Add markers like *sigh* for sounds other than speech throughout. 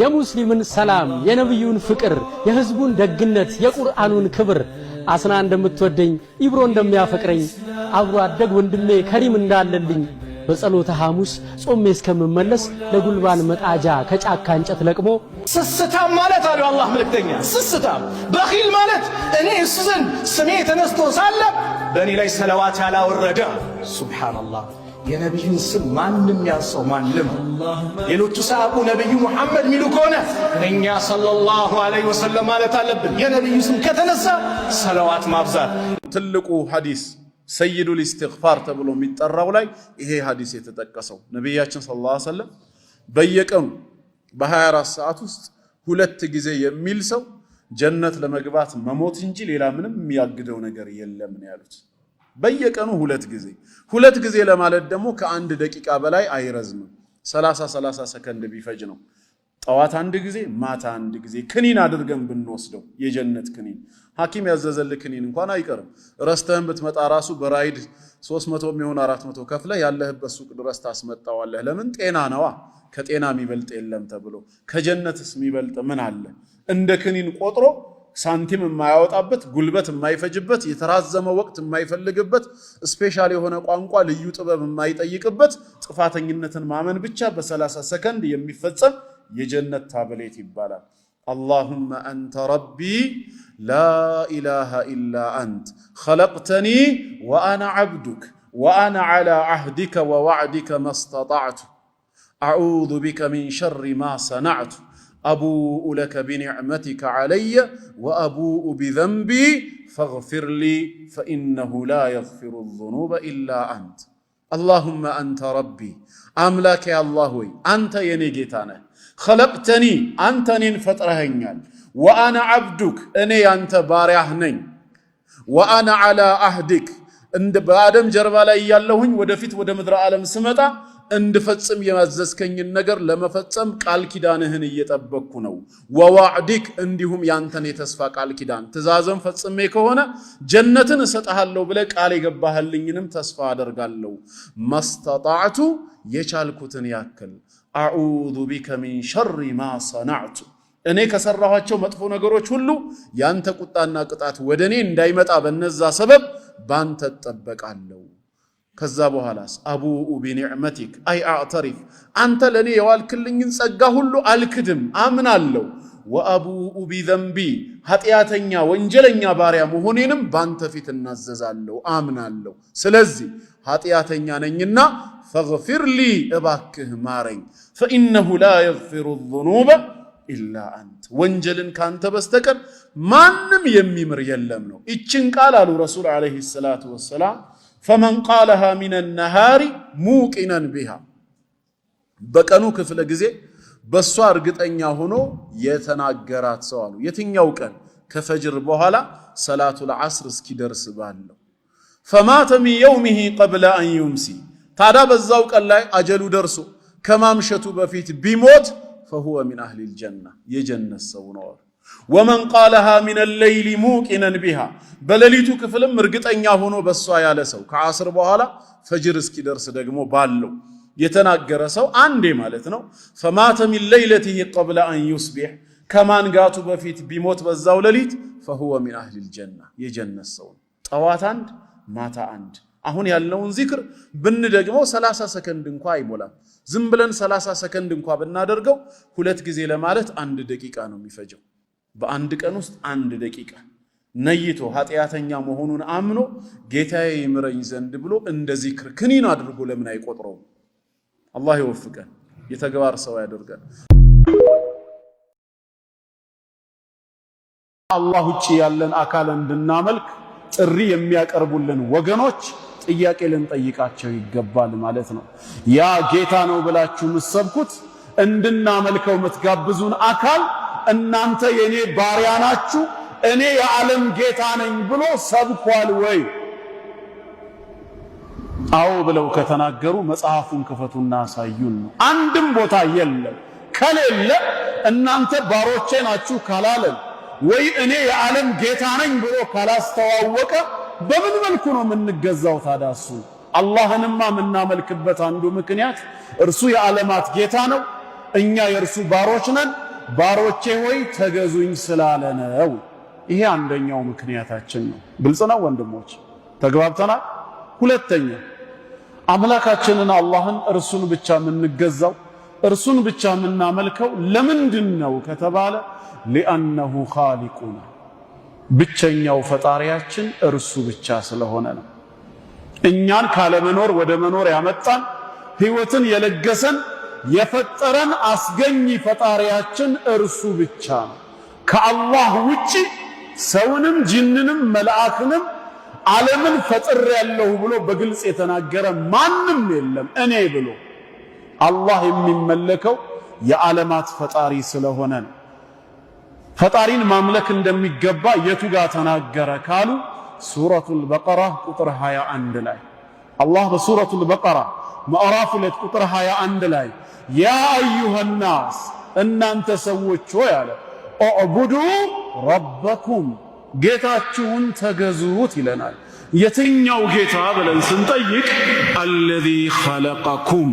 የሙስሊምን ሰላም፣ የነቢዩን ፍቅር፣ የህዝቡን ደግነት፣ የቁርአኑን ክብር አስና እንደምትወደኝ ኢብሮ እንደሚያፈቅረኝ አብሮ አደግ ወንድሜ ከሪም እንዳለልኝ በጸሎተ ሐሙስ ጾሜ እስከምመለስ ለጉልባን መጣጃ ከጫካ እንጨት ለቅሞ ስስታም ማለት አሉ አላህ መልእክተኛ። ስስታም በኺል ማለት እኔ እሱ ዘንድ ስሜ ተነስቶ ሳለ በእኔ ላይ ሰለዋት ያላወረደ ሱብሓነላህ የነቢዩን ስም ማንም ያንሰው ማንም። ሌሎቹ ሳያውቁ ነቢዩ ሙሐመድ የሚሉ ከሆነ እኛ ሰለላሁ ዐለይሂ ወሰለም ማለት አለብን። የነቢዩ ስም ከተነሳ ሰለዋት ማብዛት ትልቁ ሐዲስ ሰይዱ ኢስቲግፋር ተብሎ የሚጠራው ላይ ይሄ ሐዲስ የተጠቀሰው ነቢያችን ሰለላሁ ዐለይሂ ወሰለም በየቀኑ በ24 ሰዓት ውስጥ ሁለት ጊዜ የሚል ሰው ጀነት ለመግባት መሞት እንጂ ሌላ ምንም የሚያግደው ነገር የለም ነው ያሉት። በየቀኑ ሁለት ጊዜ ሁለት ጊዜ ለማለት ደግሞ ከአንድ ደቂቃ በላይ አይረዝምም። ሰላሳ ሰላሳ ሰከንድ ቢፈጅ ነው። ጠዋት አንድ ጊዜ፣ ማታ አንድ ጊዜ ክኒን አድርገን ብንወስደው የጀነት ክኒን ሐኪም ያዘዘልህ ክኒን እንኳን አይቀርም። ረስተህን ብትመጣ ራሱ በራይድ 300 የሚሆን 400 ከፍለህ ያለህበት ሱቅ ድረስ ታስመጣዋለህ። ለምን? ጤና ነዋ። ከጤና የሚበልጥ የለም ተብሎ ከጀነትስ የሚበልጥ ምን አለ? እንደ ክኒን ቆጥሮ ሳንቲም የማያወጣበት ጉልበት የማይፈጅበት የተራዘመ ወቅት የማይፈልግበት ስፔሻል የሆነ ቋንቋ ልዩ ጥበብ የማይጠይቅበት ጥፋተኝነትን ማመን ብቻ በሰላሳ ሰከንድ የሚፈጸም የጀነት ታብሌት ይባላል። አላሁመ አንተ ረቢ ላኢላሃ ኢላ አንት ኸለቅተኒ ወአና ዓብዱክ ወአና ዓላ ዓህዲከ ወዋዕዲከ መስተጣዕቱ አዑዙ ቢከ ሚን ሸሪ ማ ሰናዕቱ አቡኡ ለከ ቢኒዕመቲከ ዓለየ ወአቡኡ ቢዘንቢ ፈግፊር ሊ ፈኢነሁ ላ የግፊሩ ዙኑበ ኢላ አንት። አላሁመ አንተ ረቢ አምላኬ አላህ ወይ አንተ የኔ ጌታ ነህ። ኸለቅተኒ አንተ እኔን ፈጥረኸኛል። ወአነ ዓብዱክ እኔ ያንተ ባሪያህ ነኝ። ወአነ ዓላ አህድክ በአደም ጀርባ ላይ እያለሁኝ ወደፊት ወደ ምድረ ዓለም ስመጣ እንድፈጽም የማዘዝከኝን ነገር ለመፈጸም ቃል ኪዳንህን እየጠበቅኩ ነው። ወዋዕዲክ እንዲሁም ያንተን የተስፋ ቃል ኪዳን ትእዛዝን ፈጽሜ ከሆነ ጀነትን እሰጠሃለሁ ብለ ቃል የገባህልኝንም ተስፋ አደርጋለሁ። መስተጣዕቱ የቻልኩትን ያክል አዑዙ ቢከ ሚን ሸሪ ማ ሰናዕቱ እኔ ከሰራኋቸው መጥፎ ነገሮች ሁሉ ያንተ ቁጣና ቅጣት ወደ እኔ እንዳይመጣ በነዛ ሰበብ ባንተ እጠበቃለሁ። ከዛ በኋላስ አቡኡ ቢኒዕመቲክ አይ አዕተሪፍ አንተ ለእኔ የዋልክልኝን ጸጋ ሁሉ አልክድም፣ አምናለሁ። ወአቡኡ ቢዘንቢ ኃጢአተኛ ወንጀለኛ ባሪያ መሆኔንም በአንተ ፊት እናዘዛለሁ፣ አምናለሁ። ስለዚህ ኃጢአተኛ ነኝና ፈግፊር ሊ እባክህ ማረኝ። ፈኢነሁ ላ የግፊሩ ዙኑበ ኢላ አንት ወንጀልን ካንተ በስተቀር ማንም የሚምር የለም ነው። ይችን ቃል አሉ ረሱል ዓለይሂ ሰላቱ ወሰላም ፈመን ቃለሃ ሚነ ነሃሪ ሙቂነን ቢሃ በቀኑ ክፍለ ጊዜ በእሷ እርግጠኛ ሆኖ የተናገራት ሰው አሉ። የትኛው ቀን? ከፈጅር በኋላ ሰላቱ ዐስር እስኪደርስ ባለው። ፈማተ ሚን የውሚሂ ቀብለ አን ዩምሲ ታዳ በዛው ቀን ላይ አጀሉ ደርሶ ከማምሸቱ በፊት ቢሞት ፈሁወ ሚን አህሊል ጀና የጀነት ሰው ነው ወመን ቃለሃ ሚነ ሌይሊ ሙቂነን ቢሃ በሌሊቱ ክፍልም እርግጠኛ ሆኖ በሷ ያለ ሰው ከአስር በኋላ ፈጅር እስኪደርስ ደግሞ ባለው የተናገረ ሰው አንዴ ማለት ነው። ፈማተ ሚን ለይለቲሂ ቀብለ አን ዩስቢሕ ከማንጋቱ በፊት ቢሞት በዛው ሌሊት ፈሁወ ሚን አህሊል ጀና የጀነት ሰው ጠዋት አንድ ማታ አንድ። አሁን ያለውን ዚክር ብን ደግሞ ሰላሳ ሰከንድ እንኳ አይሞላም። ዝም ብለን ሰላሳ ሰከንድ እንኳ ብናደርገው ሁለት ጊዜ ለማለት አንድ ደቂቃ ነው የሚፈጀው። በአንድ ቀን ውስጥ አንድ ደቂቃ ነይቶ ኃጢአተኛ መሆኑን አምኖ ጌታዬ ይምረኝ ዘንድ ብሎ እንደዚህ ክርክኒን አድርጎ ለምን አይቆጥረውም? አላህ ይወፍቀን፣ የተግባር ሰው ያደርገን። አላህ ውጭ ያለን አካል እንድናመልክ ጥሪ የሚያቀርቡልን ወገኖች ጥያቄ ልንጠይቃቸው ይገባል ማለት ነው። ያ ጌታ ነው ብላችሁ የምትሰብኩት እንድናመልከው የምትጋብዙን አካል እናንተ የኔ ባሪያ ናችሁ፣ እኔ የዓለም ጌታ ነኝ ብሎ ሰብኳል ወይ? አዎ ብለው ከተናገሩ መጽሐፉን ክፈቱና አሳዩን ነው። አንድም ቦታ የለም። ከሌለ እናንተ ባሮቼ ናችሁ ካላለን ወይ እኔ የዓለም ጌታ ነኝ ብሎ ካላስተዋወቀ በምን መልኩ ነው የምንገዛው ታዲያ? እሱ አላህንማ የምናመልክበት አንዱ ምክንያት እርሱ የዓለማት ጌታ ነው፣ እኛ የእርሱ ባሮች ነን። ባሮቼ ሆይ ተገዙኝ ስላለ ነው። ይሄ አንደኛው ምክንያታችን ነው። ግልጽ ነው ወንድሞች፣ ተግባብተናል። ሁለተኛ አምላካችንን አላህን እርሱን ብቻ የምንገዛው እርሱን ብቻ የምናመልከው ለምንድን ነው ከተባለ ሊአነሁ ኻሊቁና ብቸኛው ፈጣሪያችን እርሱ ብቻ ስለሆነ ነው። እኛን ካለመኖር ወደ መኖር ያመጣን ህይወትን የለገሰን የፈጠረን አስገኝ ፈጣሪያችን እርሱ ብቻ ነው። ከአላህ ውጪ ሰውንም ጅንንም መልአክንም ዓለምን ያለሁ ብሎ በግልጽ የተናገረ ማንም የለም። እኔ ብሎ አላህ የሚመለከው የዓለማት ፈጣሪ ስለሆነ ነው። ፈጣሪን ማምለክ እንደሚገባ የቱ ጋር ተናገረ ካሉ ሱረቱል በቀራ ቁጥር 21 ላይ አላህ በሱረቱል በቀራ ምዕራፍ ሁለት ቁጥር 21 ላይ ያ አዩሃናስ እናንተ ሰዎች ሆይ አለ ኦዕቡዱ ረበኩም ጌታችሁን ተገዙት ይለናል። የትኛው ጌታ ብለን ስንጠይቅ አለዚ ኸለቀኩም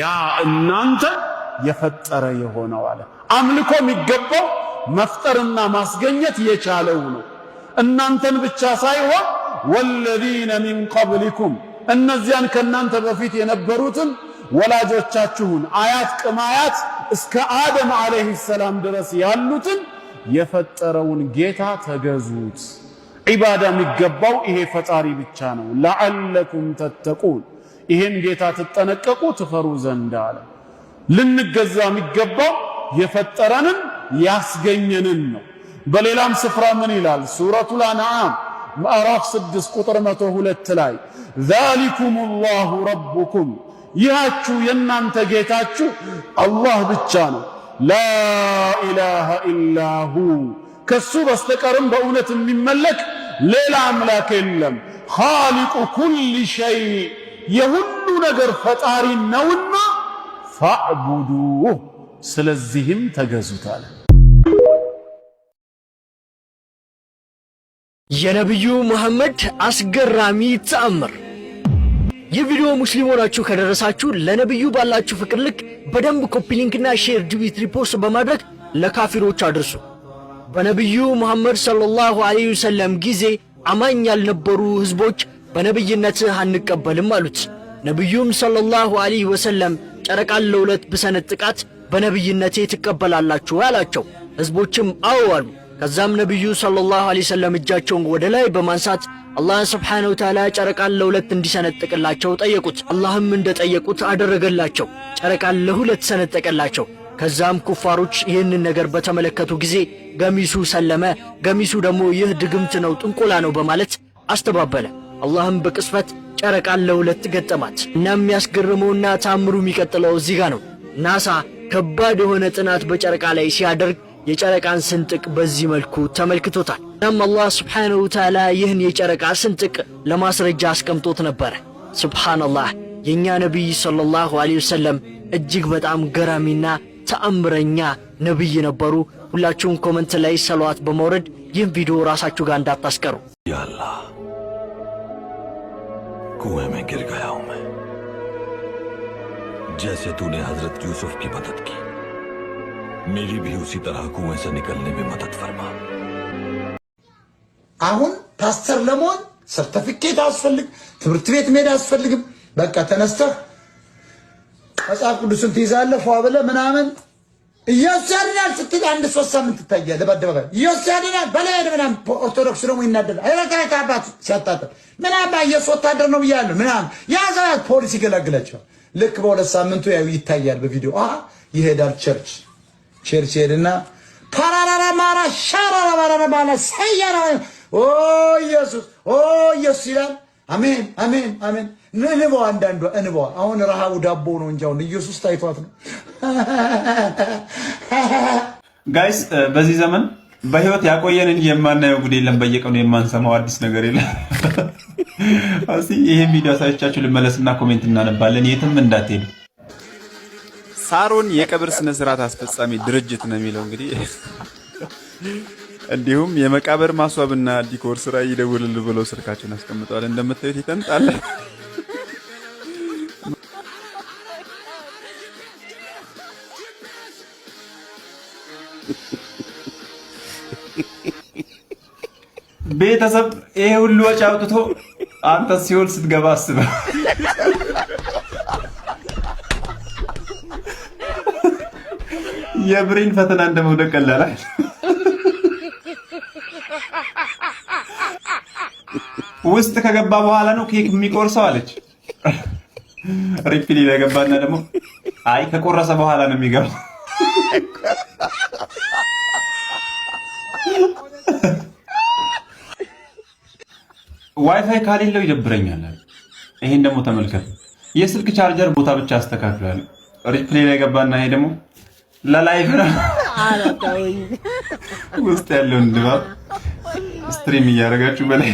ያ እናንተ የፈጠረ የሆነው አለ። አምልኮ የሚገባው መፍጠርና ማስገኘት የቻለው ነው። እናንተን ብቻ ሳይሆን ወለዚነ ሚን ቀብሊኩም እነዚያን ከእናንተ በፊት የነበሩትን ወላጆቻችሁን አያት ቅማያት እስከ አደም ዓለይሂ ሰላም ድረስ ያሉትን የፈጠረውን ጌታ ተገዙት። ዒባዳ የሚገባው ይሄ ፈጣሪ ብቻ ነው። ለዐለኩም ተተቁን ይሄን ጌታ ትጠነቀቁ ትፈሩ ዘንድ አለ። ልንገዛ የሚገባው የፈጠረንን ያስገኘንን ነው። በሌላም ስፍራ ምን ይላል? ሱረቱ አንዓም ምዕራፍ 6 ቁጥር 102 ላይ ዛሊኩም ላሁ ረቡኩም ይሃችሁ የእናንተ ጌታችሁ አላህ ብቻ ነው። ላኢላሃ ኢላሃ ኢላሁ ከሱ በስተቀርም በእውነት የሚመለክ ሌላ አምላክ የለም። ኻሊቁ ኩል ሸይ የሁሉ ነገር ፈጣሪ ነውና ፋዕቡዱህ ስለዚህም ተገዙታል። የነቢዩ መሐመድ አስገራሚ ተአምር ይህ ቪዲዮ ሙስሊም ሆናችሁ ከደረሳችሁ ለነብዩ ባላችሁ ፍቅር ልክ በደንብ ኮፒሊንክና ሼር ዲቪት ሪፖርት በማድረግ ለካፊሮች አድርሱ። በነብዩ መሐመድ ሰለላሁ ዐለይሂ ወሰለም ጊዜ አማኝ ያልነበሩ ህዝቦች በነብይነትህ አንቀበልም አሉት። ነብዩም ሰለላሁ ዐለይሂ ወሰለም ጨረቃን ለሁለት ብሰነጥቃት በነብይነቴ ትቀበላላችሁ አላቸው። ህዝቦችም አዎ አሉ። ከዛም ነቢዩ ሰለላሁ ዐለይሂ ወሰለም እጃቸውን ወደ ላይ በማንሳት አላህ ስብሓነሁ ወተዓላ ጨረቃን ለሁለት እንዲሰነጥቅላቸው ጠየቁት። አላህም እንደጠየቁት አደረገላቸው። ጨረቃን ለሁለት ሰነጠቀላቸው። ከዛም ኩፋሮች ይህንን ነገር በተመለከቱ ጊዜ ገሚሱ ሰለመ፣ ገሚሱ ደግሞ ይህ ድግምት ነው፣ ጥንቆላ ነው በማለት አስተባበለ። አላህም በቅስፈት ጨረቃን ለሁለት ገጠማት። እናም የሚያስገርመውና ታምሩ የሚቀጥለው እዚህ ጋ ነው። ናሳ ከባድ የሆነ ጥናት በጨረቃ ላይ ሲያደርግ የጨረቃን ስንጥቅ በዚህ መልኩ ተመልክቶታል። እናም አላህ ስብሓንሁ ተዓላ ይህን የጨረቃ ስንጥቅ ለማስረጃ አስቀምጦት ነበረ። ስብሓንላህ የእኛ ነቢይ ሰለላሁ ዐለይሂ ወሰለም እጅግ በጣም ገራሚና ተአምረኛ ነቢይ ነበሩ። ሁላችሁም ኮመንት ላይ ሰሏት በመውረድ ይህን ቪዲዮ ራሳችሁ ጋር እንዳታስቀሩ። ያላ कुएं में गिर गया हूं मैं जैसे तूने मेरी भी उसी तरह कुएं से निकलने में मदद फरमा አሁን ፓስተር ለመሆን ሰርተፊኬት አስፈልግ፣ ትምህርት ቤት መሄድ አስፈልግም። በቃ ተነስተህ መጽሐፍ ቅዱስን ትይዛለህ፣ ፏ ብለህ ምናምን እየወሰድናል ስትል አንድ ሶስት ሳምንት ትታያለህ በአደባባይ እየወሰድናል በላይ ምናምን። ኦርቶዶክስ ደግሞ ይናደዳል። አይረካ አባት ሲያጣጥል ምናምን አየሱ ወታደር ነው ብያለሁ ምናምን ያዘ። ፖሊስ ይገላግላቸዋል። ልክ በሁለት ሳምንቱ ያዩ ይታያል በቪዲዮ ይሄዳል ቸርች ቸርችል እና ፓራራራ ማራ ሻራራ ማራራ ማራ ሰያራ ኦ ኢየሱስ ኦ ኢየሱስ ይላል። አሜን አሜን አሜን። እንበዋ አንዳንዷ እንበዋ። አሁን ረሃቡ ዳቦ ነው እንጂ አሁን ኢየሱስ ታይቷት ነው። ጋይስ በዚህ ዘመን በህይወት ያቆየን እንጂ የማናየው ጉድ የለም። በየቀኑ የማንሰማው አዲስ ነገር የለም። *laughs* እስኪ ይህን ቪዲዮ አሳይቻችሁ ልመለስና ኮሜንት እናነባለን። የትም እንዳትሄዱ ሳሮን የቀብር ስነ ስርዓት አስፈጻሚ ድርጅት ነው የሚለው እንግዲህ። *laughs* እንዲሁም የመቃብር ማስዋብና ዲኮር ስራ ይደውልል ብለው ስልካቸውን አስቀምጠዋል። እንደምታዩት ይተንጣለ *laughs* ቤተሰብ ይሄ ሁሉ ወጪ አውጥቶ አንተ ሲሆን ስትገባ አስበ የብሬን ፈተና እንደመውደቅ ቀላል ውስጥ ከገባ በኋላ ነው ኬክ የሚቆርሰው አለች። ሪፕሊ ለገባና ደግሞ አይ ከቆረሰ በኋላ ነው የሚገባው። ዋይፋይ ካሌለው ይደብረኛል። ይሄን ደግሞ ተመልከት። የስልክ ቻርጀር ቦታ ብቻ አስተካክላል። ሪፕሌ ላይ ገባና ይሄ ደግሞ ለላይቭ ነው ውስጥ ያለውን ድባብ ስትሪም እያደረጋችሁ በላይ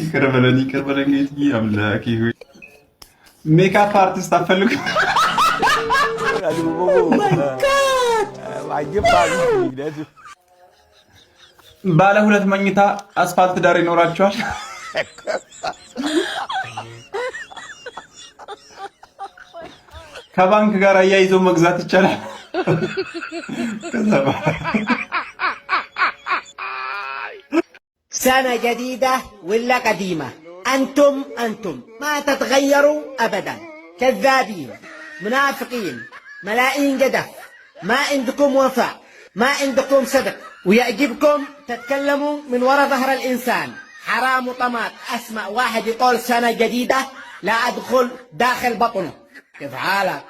ይቅር በለን ይቅር በለን። ጌትዬ አምላኬ ሜካፕ አርቲስት አፈልግ ባለ ሁለት መኝታ አስፋልት ዳር ይኖራቸዋል። ከባንክ ጋር አያይዞ መግዛት ይቻላል። ሰነ ጀዲዳ ወላ ቀዲማ አንቱም አንቱም ማ ተትገየሩ አበዳን ከዛቢን ሙናፍቂን መላኢን ገደፍ ማ እንድኩም ወፋ ማ እንድኩም ሰድቅ ويعجبكم تتكلموا من وراء ظهر الإنسان حرام طماط أسمع واحد يقول سنة جديدة لا أدخل داخل بطنه 给砸了。